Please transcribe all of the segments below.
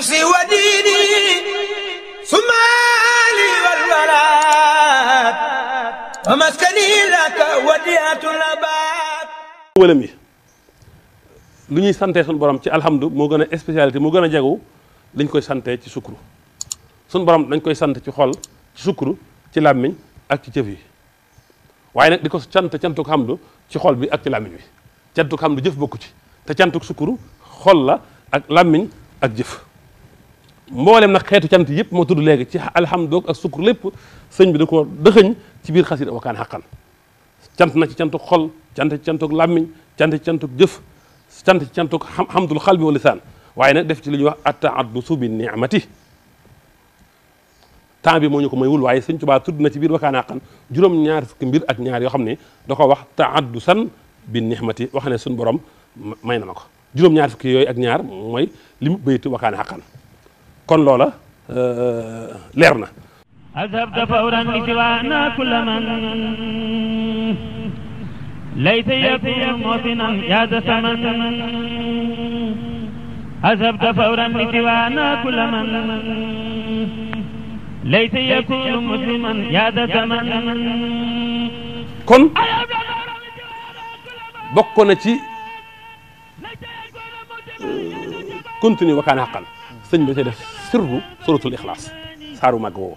نفسي وديني lu ñuy sante suñu borom ci alhamdu moo gën a spécialité moo gën a jagu dañ koy sante ci sukkuru suñu borom dañ koy sant ci xol ci sukkuru ci làmmiñ ak ci jëf waaye nag di ko cant cantuk xamdu ci xol bi ak ci làmmiñ bi cantuk xamdu jëf bokku ci te cantuk sukkuru xol la ak làmmiñ ak jëf mboolem nag xeetu cant yëpp moo tudd léegi ci alhamdoog ak sukkur lépp sëñ bi da ko dëxëñ ci biir xasida wakaan xaqan cant na ci cantuk xol cant ci cantuk làmmiñ cant ci cantuk jëf hamdul xalbi wa lisaan waaye nag def ci li ñuy wax attaaddusu bi niamati temps bi moo ñu ko maywul waaye sëñ Tuubaa tudd na ci biir wakaan xaqan juróom-ñaar fukki mbir ak ñaar yoo xam ne wax taaddusan bi niamati wax suñ borom may na ma naar fukki yooyu ak ñaar mooy li mu bayti wakaan kon لولا ليرنا euh, اذهب فورا لسوانا كل من ليس يكون موطنا يا ذا ثمن اذهب فورا لسوانا كل من ليس يكون مسلما يا ذا دسما كن بقنا كنتني وكان حقا سنجد سر سورة الإخلاص صاروا ما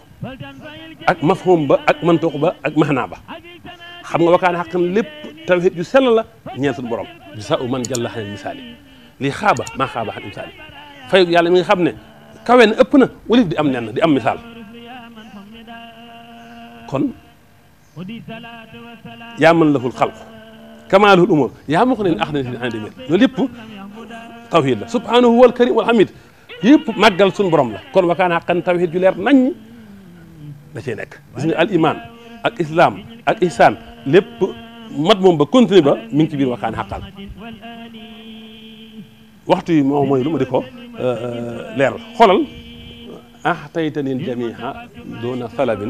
أك مفهوم با أك منطق با أك مهنا با خم وكان حقا لب توحيد يسال الله نيات البرم جزاء من جل حن المثال لي خابة ما خابة حن المثال في يعني من خابنا كون أبنا ولف دي أمنا دي أم مثال كن يا من له الخلق كما الأمور يا مخن أحد عن دمير لب توحيد سبحانه هو الكريم والحميد يب مجال سون برام لا كل مكان حقن توحيد جلير نني نشينك بس الإيمان الإسلام الإحسان لب مد مم بكون تبا من كبير مكان حقل وقت ما هو ما يلوم ديكو لير خلل أحتيتني الجميع دون طلب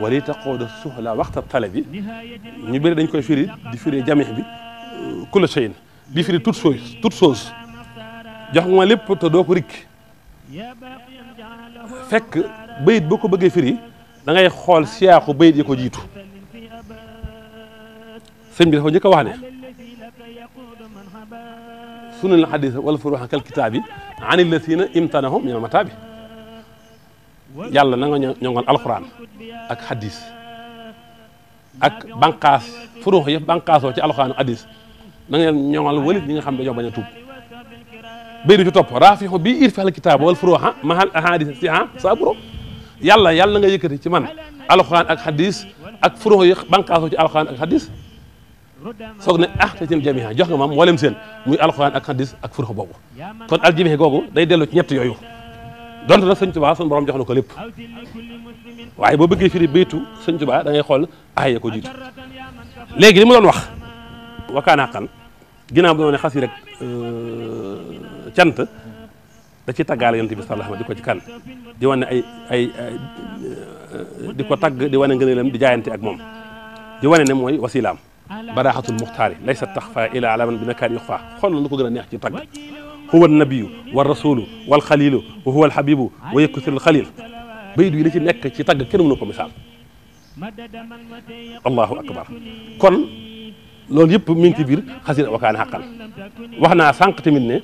ولتقود السهلة وقت الطلب نبير دينكو يفيري دفيري جميع بي كل شيء بيفيري توت سوز توت سوز جاكو ما لب تدوكو ريكي fekk bayit bu ko bëggee firi da ngay xool siyaaxu bayit yi ko jiitu sëñ bi dafa njëkk wax ne sunan hadith wal furuha kal kitaabi an illazina imtanahum min matabi yàlla na nga ñongal alquran ak hadith ak bankas furuha yëpp bankaso ci alquran ak xadis na nga ñongal walid ñi nga xam ne dañoo bañ tuub ɓeydo co topp rafihu bi irfi al kitaba wal furuha mahal ahadis siha saburo yàlla yàlla nga yëkkati ci man alxuraan ak hadis ak furuha yi banqaasoo ci alxuraan ak hadis soog ne ah te cim jamiha jox nga maam mboolem seen muy alxuraan ak hadis ak furuha boobu kon aljamiha googu day dellu ci ñett yooyu donte nag sëñ Tuubaa sunu borom jox na lépp waaye boo bëggee firi baytu sëñ Tuubaa da ngay xool aaya ko jiitu léegi li mu wax wakaanaa xan ginnaaw bi ne xas yi rek cant da ci tagal yonent bi sallallahu alayhi ci kan di wone ay ay diko tag di wone ngeenelam di jayanti ak mom di wone ne moy wasilam barahatul muxtaari laysa takhfa ila alaman bi nakaan yukhfa xoolal lu ko gëna neex ci tag huwa an annabiyu wa rasulu wal xalilu wa huwa al alxabibu wa yakutirul xalil bayit yi la ci nek ci tag kenn mu ko misal الله اكبر كن لول ييب مينتي بير خاسين وكان xasida واخنا سانك wax ني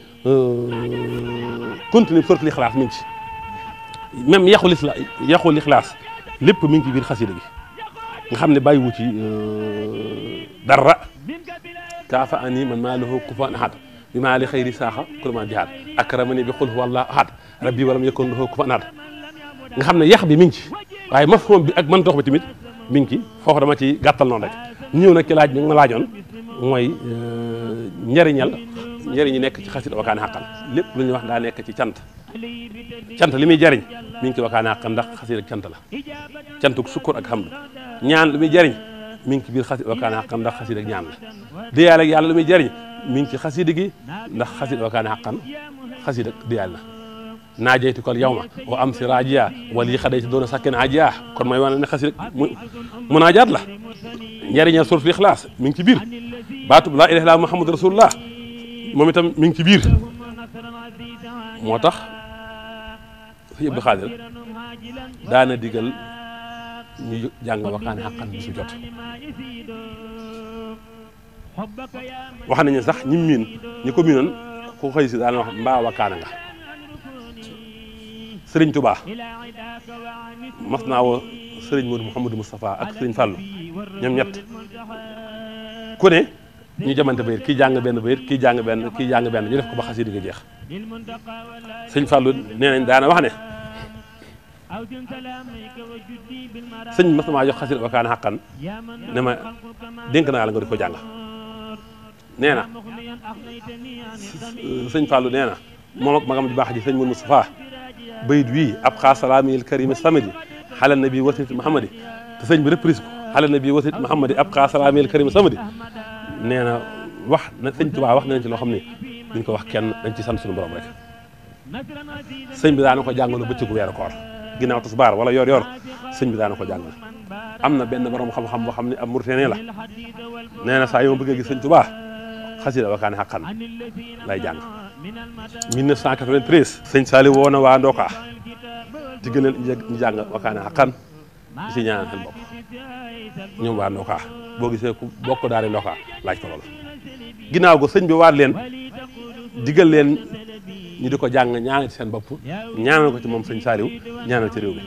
كنت tamit فرت continue sortu lixlaas mi ngi ci même yàqu lisla yàqu lixlaas lépp mi ngi ci nga xamne ne bàyyiwu ci dara kafa ani man malahu kufan kufaan ahad bi li xëyri saha kulma jihad akramani bi khulhu huwa allah ahad rabbi walam yakun lahu kufan ahad nga xamne ne bi mi waye mafhum bi ak man tokh bi timit mi ngi ci foofu dama ci gàttal noonu rek ñu ñëw nag ci laaj bi ma laajoon mooy euh, njëriñal njëriñi nekk ci xasida wakaana xaqan lépp lu wax daa nekk ci cant cant li muy jariñ mi ngi ci wakaana xaqan ndax xasida ak cant la cantuk sukkur ak hamdu ñaan lu muy jariñ mi ngi ci biir xasida wakaana xaqan ndax xasida ak ñaan la diyaal ak yàlla lu muy jariñ mi ngi ci xasida gi ndax xasida wakaana xaqan xasida ak diyaal la najaytu kal yawma wa amsi raajiya wa li xadaytu dona sakin ajia kon may wane ne khasir munajat la njëriñal sur fi ikhlas min ci bir batu la ilaha illallah muhammadur rasulullah moom itam ci bir motax tax sëñ Abdou digal ñu jang waqaan xaqan bi su jot wax ñu sax ñimmin ñi ko wax nga Sering tubaa mas naa woo sëriñ Modou Mouhamadou Moustapha ak sëriñ Fallou ñoom ñett ku ne ñu jamante bayit kii jàng benn bayit kii jàng benn kii jàng benn ñu def ko ba xasida gi jeex sëñ Fallou nee nañ daana wax ne sëñ mas naa jox xasida wakaana xaqan ne ma dénk naa la nga di ko jàng nee Fallou ak magam baax ji بيد وي أبقى سلامي الكريم السامي حال النبي وسيد محمد تسنج بريبريسكو حال النبي وسيد محمد أبقى سلامي الكريم السامي نحن واحد نسنج تبع واحد نسنج لو خمني نيكو واحد كان نسنج سامسون برامريكا سنج بدانو خجانو بتشكو يا ركور جينا وتصبار ولا يور يور سنج بدانو خجانو أمنا بأن برام خم خم خمني أمورتيني لا نحن سايوم بيجي سنج تبع خسر وكان حقا لا يجانو 1993 sëñ Saliou woo na waa Ndoka digg leen ñu jàng wakaana xaqan si ñaanal seen bopp ñoom waa Ndoka boo gisee ku bokk daara Ndoka laaj ko loolu ginnaaw go sëñ bi waat leen diggal leen ñu di ko jàng ñaanal ci seen bopp ñaanal ci moom sëñ Saliou ñaanal ci réew mi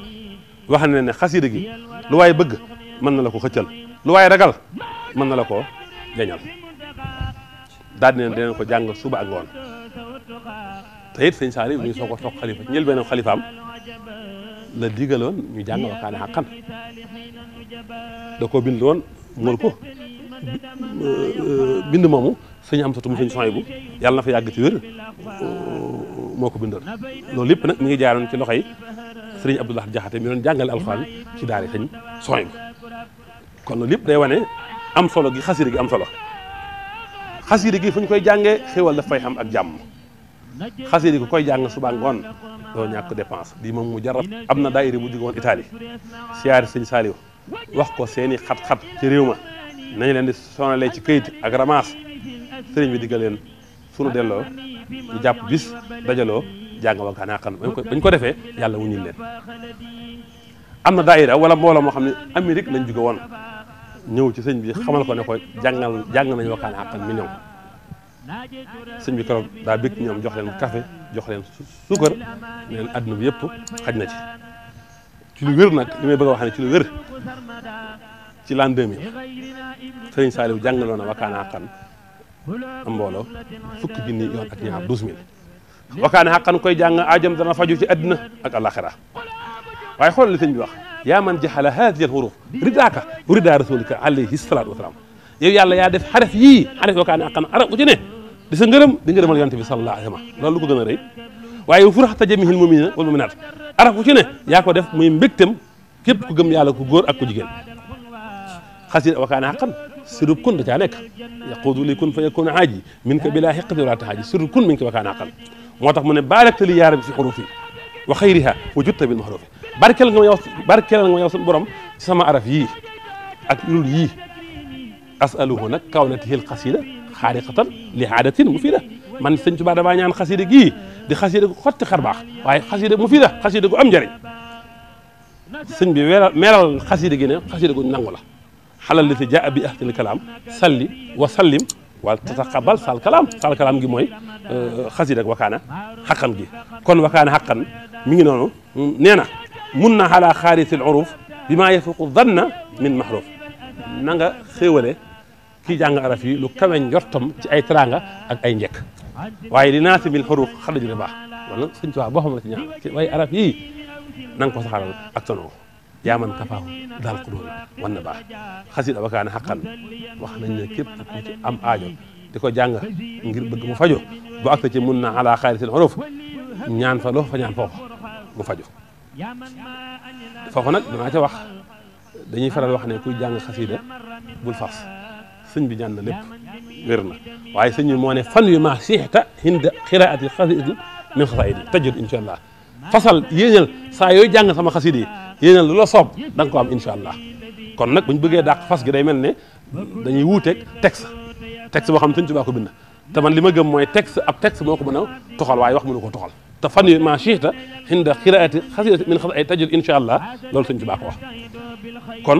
wax na ne xasida gi lu waaye bëgg mën na la ko xëccal lu waaye ragal mën na la ko jañal daal di ne dinañ ko jàng suba ak ngoon te it sëñ Saliou mi soo ko toog xalifa ñël benn xalifaam la digaloon ñu jàng wakaana xaqan da koo bind woon mën ko bind moomu sëñ am satum sëñ soy bu yàlla na fa yàgg ci wér moo ko bindoon loolu lépp nag mi ngi jaaroon ci loxo yi sëriñ Abdoulaye Jaxate mi doon jàngale alxuraan ci daari sëñ soy bu kon loolu lépp day wane am solo gi xasiri gi am solo xasiri gi fu ñu koy jàngee xéwal daf fay xam ak jàmm xasida ko koy jàng suba ngoon doo ñàkk dépense lii moom mu jarab am na daayira mu jóge woon Italie siyaari sëñ Saliou wax ko seeni xat-xat ci réew ma nañu leen di sonalee ci kayit ak ramas sëriñ bi diggal leen sunu delloo ñu jàpp bis dajaloo jàng wa kaan bañ ko defee yàlla wu wuñul leen am na daayira wala mbooloo moo xam ne Amérique lañ jóge woon ñëw ci sëñ bi xamal ko ne ko jàngal jàng nañ wa kaan àqan million sëñ bi keroog daa bëgg ñoom jox leen café jox leen suukar ne leen àdduna bi yëpp xaj na ci ci lu wér nag li may bëgg a wax ne ci lu wér ci l'an 2000 sëriñ Saliou jàngaloon na wakaana xaqan am mbooloo fukki junni yoon ak ñaar 12000 wakaana xaqan koy jàng aajam dana faju ci àdduna ak alaxira waaye xoolal li sëñ bi wax yaa man jaxala haadihi al huruf ridaaka rida rasulika alayhi salaatu wasalaam yow yàlla yaa def xaref yii xaref wakaana xaqan arab bu ci ne di sa ngërëm di ngërëmal al yantibi sallallahu alayhi wa sallam lolou ko gëna reey waye waaye yu furax tajamihil mu'minina wal mu'minat araf bu ci ne ya ko def muy mbektem kep ku gëm yàlla ku góor ak ku jigen khasir wa kana haqqan sirub kun da ca nek yaqulu li kun fayakun yakun haaji min ka bila haqqi wala tahaaji sirub kun min ka wa kana haqqan motax mu ne barakta li yaram fi hurufi wa khayriha wujudta bil mahruf barkel nga yow barkel nga yow sun borom sama araf yi ak lul yi asaluhu nag kawnatihil xasida xaariqatan li aadatin mufida man sëñ Tuubaa damaa ñaan xasida gii di xasida gu xotti xarbaax waaye xasida mufida xasida gu am njëriñ sëñ bi weeral meeral xasida gi ne xasida gu nangu la xalal li si jaa bi ahtil kalaam salli wa sallim wala tataqabal sal kalaam sal kalaam gi mooy xasida ak wakaana xaqan gi kon wakaana xaqan mi ngi noonu nee na mun na xalaa xaarisil uruf bi maa yafuqu danna min mahruf na nga xéewale kii jàng araf yi lu kawe njortam ci ay teraanga ak ay njekk waaye li naasi mil xaruuf xadaju baax loolu sëñ Tuubaa boo xam la ci ñaan way araf yii na nga ko saxaral ak tonoo yaa man kafaahu daal ko doon wan baax xasid abakaane xaqan wax nañ ne képp ku ci am aajo di ko jàng ngir bëgg mu fajo bu ak ci mun na ala xayri seen xaruuf ñaan fa loo fa ñaan foofu mu fajo foofu nag danaa ci wax dañuy faral wax ne kuy jàng xasida bul fas sëñ bi ñaan na lépp wér na waaye sëñ bi moo ne fan wi maa siixta hinda xiraati xasida min xasaayid yi tajjud incha allah fasal yéenal saa yooy jàng sama xasid yi yéenal lu la soob da nga ko am incha allah kon nag bu ñu bëggee dàq fas gi day mel ne dañuy wuuteeg texte texte boo xam ne sëñ Tuubaa ko bind te man li ma gëm mooy texte ab texte moo ko mën a toxal waaye wax mënu ko toxal تفني مع شيخ ده عند قراءة خزيرة من خزيرة تجد إن شاء الله لول سنج باقوة كون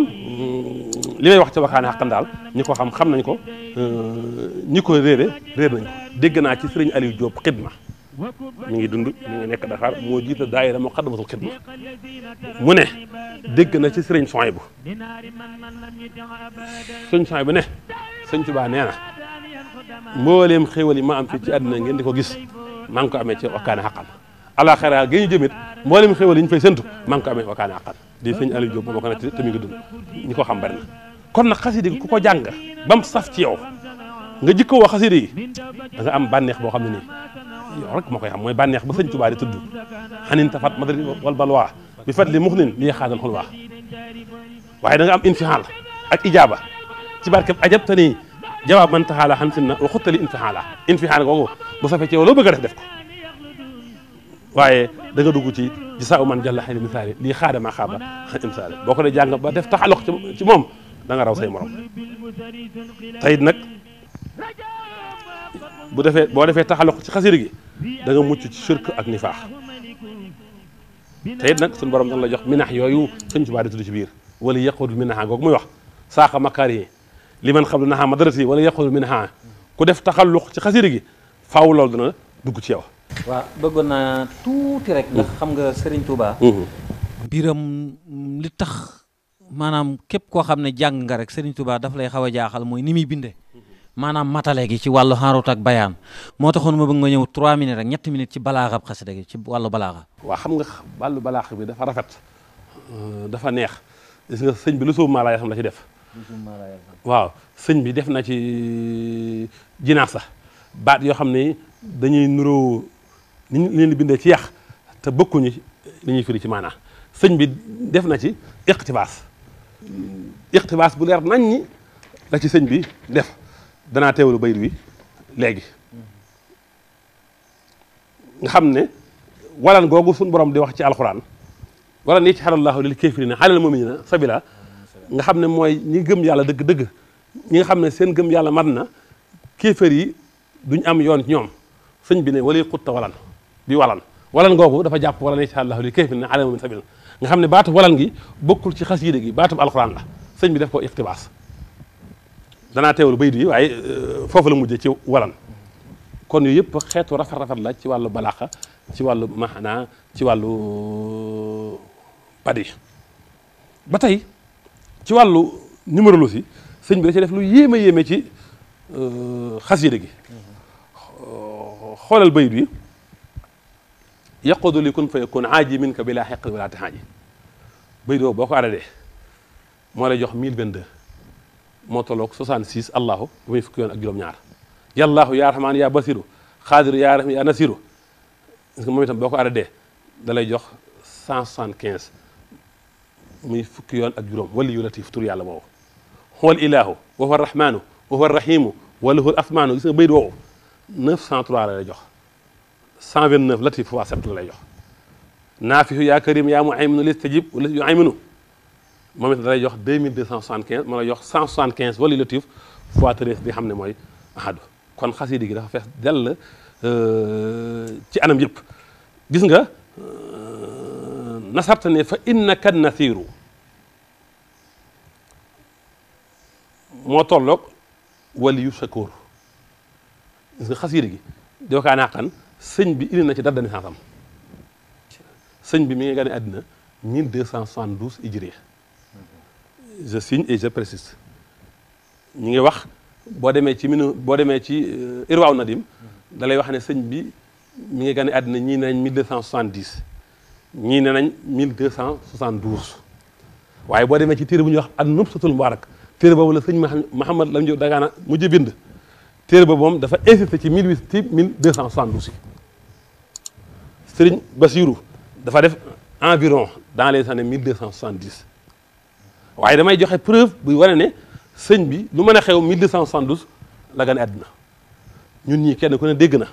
لما يوحد سبا كان حقا دال نيكو خام خام نيكو آه، نيكو ريري ريب نيكو ديگنا تي سرين علي جوب قدمة من يدندو من ينك دخار موجيث دائرة مقدمة القدمة منه ديگنا تي سرين صعيبو سن صعيبو نه سن صعيبو نه مولم خيولي ما أمتي تأدنا نجي نيكو جيس maa ngi ko amee ci wakkaane xaqan alaxira gi ñu jëmit mboolem xéwal yi ñu fay séntu maa ngi ko amee wakkaane xaqan di sëñ Aliou Diop booba ko ne tamit nga xam bari na kon nag xasida gi ku ko jàng ba mu saf ci yow nga jikko woo xasida yi da nga am banneex boo xam ne nii rek moo koy xam mooy bànneex ba sëñ Tuubaa di tudd xanin tafat madri wal balwa bi fat li mux nin li xaadal xul waax waaye da nga am infihaal ak ijaaba ci barkeb ajab te nii jawaab man taxaala xam si na waxutta li infihaala infihaal googu bu safee ci yow loo bëgg a def def ko waaye da nga dugg ci gisaa man jàlla xëy na misaali lii xaadama xaaba xëy misaali boo ko dee jàng ba def taxaloq ci moom da nga raw say morom tayit nag bu defee boo defee taxaloq ci xasir gi da nga mucc ci shirk ak nifaax tayit nag suñu borom dana la jox minax yooyu sëñ Tuubaa di tudd ci biir wala yaqud minaxa googu muy wax saaqa makaar yi لمن خبل نها مدرسي ولا يخذ منها كدف تخلق شي خسير جي فاو لول دنا دوك سي واخ وا بغنا توتي رك دا خمغا سيرن توبا بيرم لي تخ مانام كيب كو خامني جانغا رك سيرن توبا دا فلاي خاوا جاخال موي نيمي بيندي مانام ماتالغي سي والو هاروت اك بيان مو تخون ما بغنا نيو 3 مينيت رك 7 مينيت سي بلاغاب خسدغي سي والو بلاغا وا خمغا والو بلاغ بي دا فا رافات آه، دا فا نيه سيرن بي لوسو مالا يخم لا سي ديف waaw sëñ bi def na ci euh, jinaasa baat yoo xam ne dañuy nuroo ni ñu leen bindee ci yàq te bokkuñu li ñuy firi ci maanaa sëñ bi def na ci iqtibaas iqtibaas bu leer nañ ñi la ci sëñ bi def danaa teewlu bayit wi léegi nga xam ne walan googu suñ borom di wax ci alxuraan walan yaj'ala llaahu lil kaafiriina alal mu'miniina sabila nga xamne moy ñi gëm deug deug ñi nga xamne seen gëm yàlla matna na yi duñ am yoon ci ñom sëñ bi ne wala xutta walan bi walan walan googu dafa jàpp walan insha allah li kayfin ala alama min sabil nga xamne batu walan gi bokul ci xasiida gi batu alquran la sëñ bi def ko iqtibaas dana tewul bayit yi waaye foofu la mujjé ci walan kon yooyu yëpp xétu rafet rafet la ci walu balaaxa ci walu mahna ci walu badi batay ci wàllu numérologie sëñ bi da ci def lu yema yéeme ci euh khasida gi xoolal bayit bi yaqudu li kun fa yakun aaji min ka bi wala tahaji bayit boobu boo ko adadee lay jox 1022 mo tolok 66 allah ba muy fukki yoon ak juróom-ñaar allah ya rahman ya basiru khadir ya rahim ya nasiru moom itam boo ko adadee da jox 175 مي فكيون اجروم ولي يلتي فتري على بو هو الاله وهو الرحمن وهو الرحيم وله الاثمان بيد وو 903 لا جوخ 129 لطيف وا سبت لا جوخ نافح يا كريم يا معين لتجيب ويعمن مام دا لاي جوخ 2275 مالا جوخ 175 ولي لطيف فوا 3 دي خامني موي احد كون خاسيدي دا فخ دل ا أه... تي انام ييب غيسغا نصرتني فإنك النثير moo tolloog waliyu shakoor gis nga xasiida gi doo kaa naqan sëñ bi indi na ci date de naissance am sëñ bi mi ngi gane àddina 1272 hijri je signe et je précise ñu ngi wax boo demee ci minu boo demee ci irwaaw nadim da lay wax ne sëñ bi mi ngi gane àddina ñii nañ 1270 ñii ne nañ 1272 waaye boo demee ci téere bu ñuy wax an nubsatul mubarak téere boobu la sëñ Mahamad Lam Diop Dagana mujj bind téere boobu moom dafa insisté ci 1272 yi sëriñ dafa def environ dans les années 1270 waaye damay joxe preuve buy wane ne sëñ bi lu mën xew 1272 la gane àddina ñun ñii kenn ku ne dégg na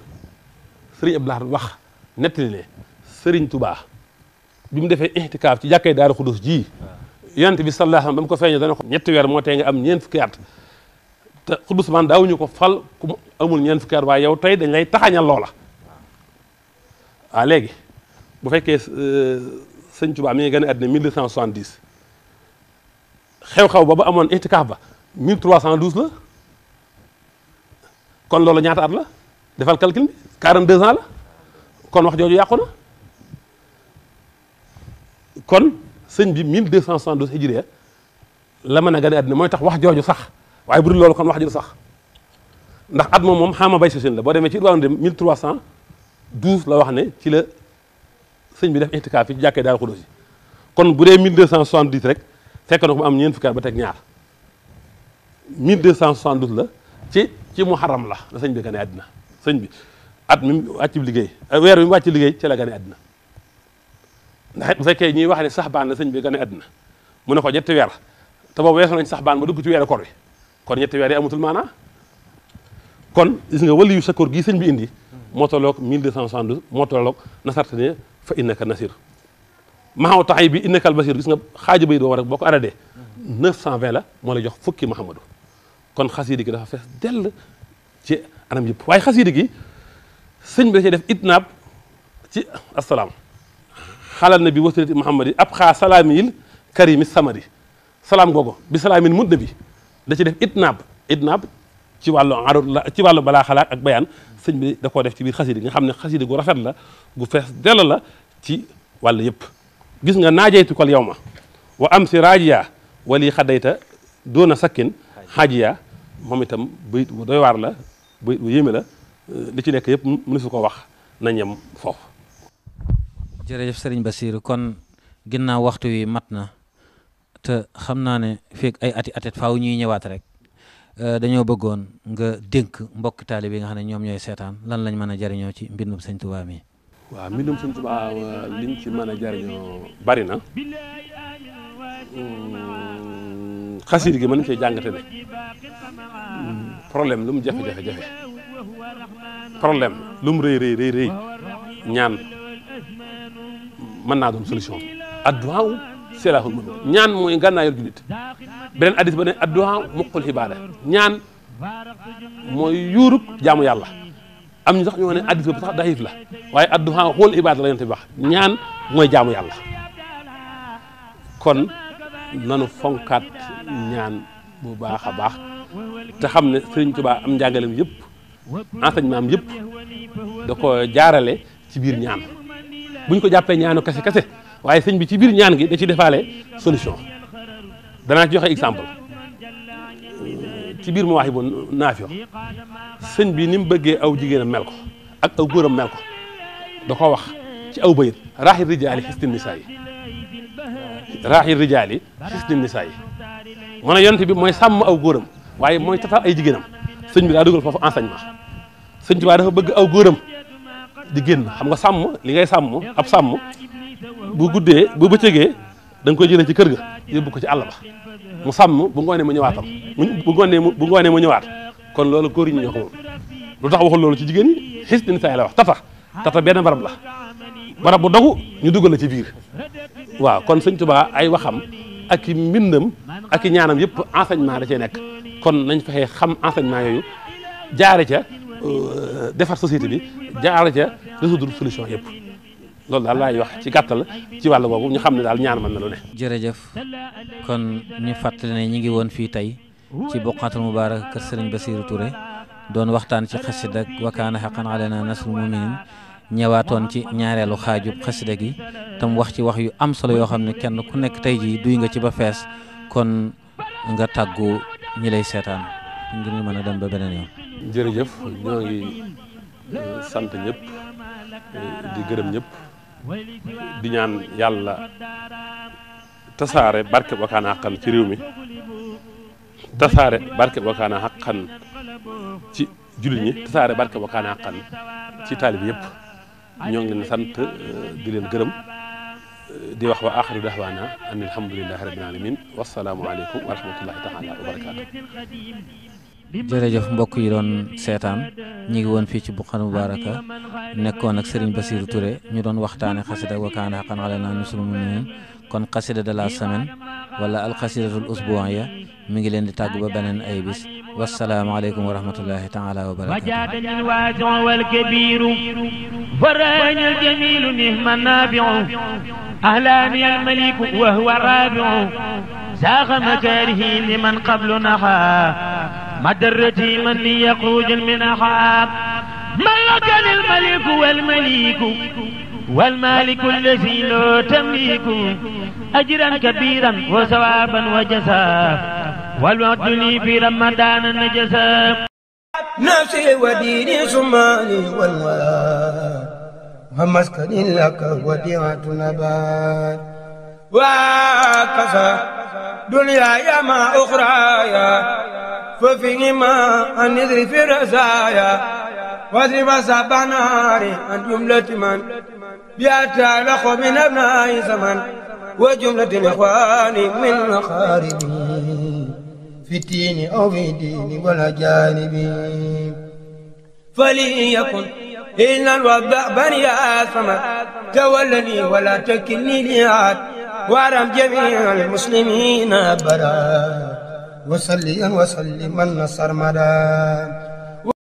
sëriñ Abdoulaye wax nettali ne sëriñ Touba. bi mu defee ixtikaaf ci jàkkee daara xudus ji yonent bi sallallahu alayhi wa ba mu ko feeñee dana ko ñetti weer moo tee am ñeent fukki at te xudus man daawuñu ko fal ku mu amul ñeen fukki at waaye yow tey dañ lay taxañal loola waaw léegi bu fekkee euh, sëñ Tuubaa mi ngi gën a àddina 1270 xew-xew ba ba amoon itikaaf ba cent 1312 la kon loolu ñaata at la defal calcul bi 42 ans la kon wax jooju yàqu kon sëñ bi cent 1272 hijriya la mën a gane àddina mooy tax wax jooju sax waaye bu dul loolu kon wax jooju sax ndax at moom moom xaama bay soseen la boo demee ci diwaanu dem 1312 la wax ne ci la sëñ bi def itikaaf yi ci jàkkee daal xudóos yi kon bu dee 1270 rek fekk na ko mu am ñeent fukki at ba teg ñaar cent 1272 la ci ci muharram la la sëñ bi gane àddina sëñ bi at mi wàcc liggéey weer bi mu wàcc liggéey ci la gane àddina ndax it bu fekkee ñuy wax ne sax baan la sëñ bi gane àddina mu ne ko ñetti weer te boobu weesu nañ sax baan ba dugg ci weeru koor bi kon ñetti weer yi amatul maanaa kon gis nga waliyu sa koor gii sëñ bi indi moo tolloog 1272 moo tolloog nasartane fa innaka nasir maxaw taxay bi innakal basir gis nga xaaja bay doo rek boo ko aradee 920 la moo lay jox fukki mahamadu kon xasiidi gi dafa fees dell ci anam yëpp waaye xasiidi gi sëñ bi da cee def itnaab ci asalaam xalal na bi wasilati muhammad yi ab xaa salaamil karimi samari salaam googu bi salaamil mudda bi da ci def itnaab itnaab ci wàllu arut ci wàllu balaa xalaat ak bayaan sëñ bi da koo def ci biir xasidi nga xam ne xasidi gu rafet la gu fees dell la ci walla yëpp gis nga naajeytu kol yow ma wa am si raajiya wali xadayta doona sakkin xaajiya moom itam bayit wa doy waar la bayit bu yéeme la li ci nekk yëpp mënu su ko wax na ñem foofu jërëjëf sëriñ Basiiru kon ginnaaw waxtu wi mat na te xam naa ne feeg ay ati atet faaw ñuy ñëwaat rek euh, dañoo bëggoon nga dénk mbokk taali bi nga xam ne ñoom ñooy seetaan lan lañ mën a jariñoo ci mbindum sëñ Tuubaa mi waaw mbindum sëñ Tuubaa euh, liñ ci mën a jariñoo bari na hmm, xasiid gi mën nañ cee jàngate ne hmm, problème lu mu jafe-jafe-jafe problème lu rëy rëy ñaan mën naa doon solution bi adduwaaw silaaxul mu'min ñaan mooy gànnaayal jullit beneen addis ba ne adduwaaw muqul ibaada ñaan mooy yuurub jaamu yàlla am ñu sax ñoo ne addis boobu sax daxiif la waaye adduwaaw xool ibaada la yonent bi wax ñaan mooy jaamu yàlla kon nanu fonkaat ñaan bu baax a baax te xam ne Sëriñ Tuubaa am njàngaleem yëpp enseignement am yëpp da ko jaarale ci biir ñaan bu ñu ko jàppee ñaanu kese kese waaye sëñ bi ci biir ñaan gi da ci defaale solution danaa ci joxe exemple ci biir Mawaahibu Naafi sëñ bi ni mu bëggee aw jigéenam mel ko ak aw góoram mel ko da koo wax ci aw bayit raaxi rijaali xisni nisaa yi raaxi rijaali xisni nisaa yi mu ne yonent bi mooy sàmm aw góoram waaye mooy tatal ay jigéenam sëñ bi daa dugal foofu enseignement sëñ bi dafa bëgg aw góoram di génn xam nga sàmm li ngay sàmm ab sàmm boo guddee bu bëccëgee da nga koy jëlee ci kër ga yóbbu ko ci àll ba mu sàmm bu ngoonee mu ñëwaatam bu ngoonee mu bu ngoonee mu ñëwaat kon loolu góor ñi ñoo ko lu tax waxul loolu ci jigéen ñi xis din saay la wax tata tata benn barab la barab bu dogu ñu dugal la ci biir waaw kon sëñ Tuubaa ay waxam ak i mbindam ak i ñaanam yëpp enseignement da cee nekk kon nañ fexee xam enseignement yooyu jaare ca Euh, defar société bi jaarale ca résoudre solution yëpp loolu daal laay wax ci gàttal ci wàll boobu ñu xam ne daal ñaar man na lu ne. jërëjëf kon ñu fàttali ne ñu ngi woon fii tey ci Boukhatoul Moubarak kër Serigne Bassirou Touré doon waxtaan ci xasida ak wa kaana haqqan alaynaa nasrul mu'miniin ñëwaatoon ci ñaareelu xaajub xasida gi tam wax ci wax yu am solo yoo xam ne kenn ku nekk tey jii duy nga ci ba fees kon nga tàggu ñu lay seetaan ngir ñu mën a dem ba beneen yoon. jërëjëf ñoo ngi eh, sant ñëpp eh, di gërëm ñëpp di ñaan yàlla tasaare barke Wakana Haqqan ci réew mi tasaare barke Wakana Haqqan ci jullit ñi tasaare barke Wakana ci taalib yëpp ñoo ngi leen sant eh, di gërëm di wax wa axiru dahwaana an alhamdulilahi rabbil alamin wasalaamu aleykum wa rahmatullahi taala jërëjëf mbokk yi doon seetaan ñi ngi woon fii ci Bourkhane baraka nekkoon ak Serigne Bassirou Touré ñu doon waxtaane xasida wa kaana haqqan alaynaa nasrul mu'miniin kon xasida de la semaine wala al alxasidatul usbuuya mi ngi leen di tàgg ba beneen ay bis wassalaamu alaykum wa rahmatullahi taala wa barakaatuh وزاغ مكاره لمن قبل نحى مدرتي من يخرج من أحاب ملك الملك والمليك والمالك الذي لا تملك أجرا كبيرا وثوابا وجزاء والوقت لي في رمضان النجزاء نفسي وديني سماني والولاء ومسكن لك وديعة نبات وكفى يا ما يا ففيهما أن في الرزايا واضرب سبع نار عن جملة من بيأتى لخو من أبناء زمن وجملة الإخوان من مخارب في الدين أو في الدين والأجانب فليكن إلا الوضع بني آثم تولني ولا تكني لي عاد وارم جميع المسلمين برا وسلم وسلما مدام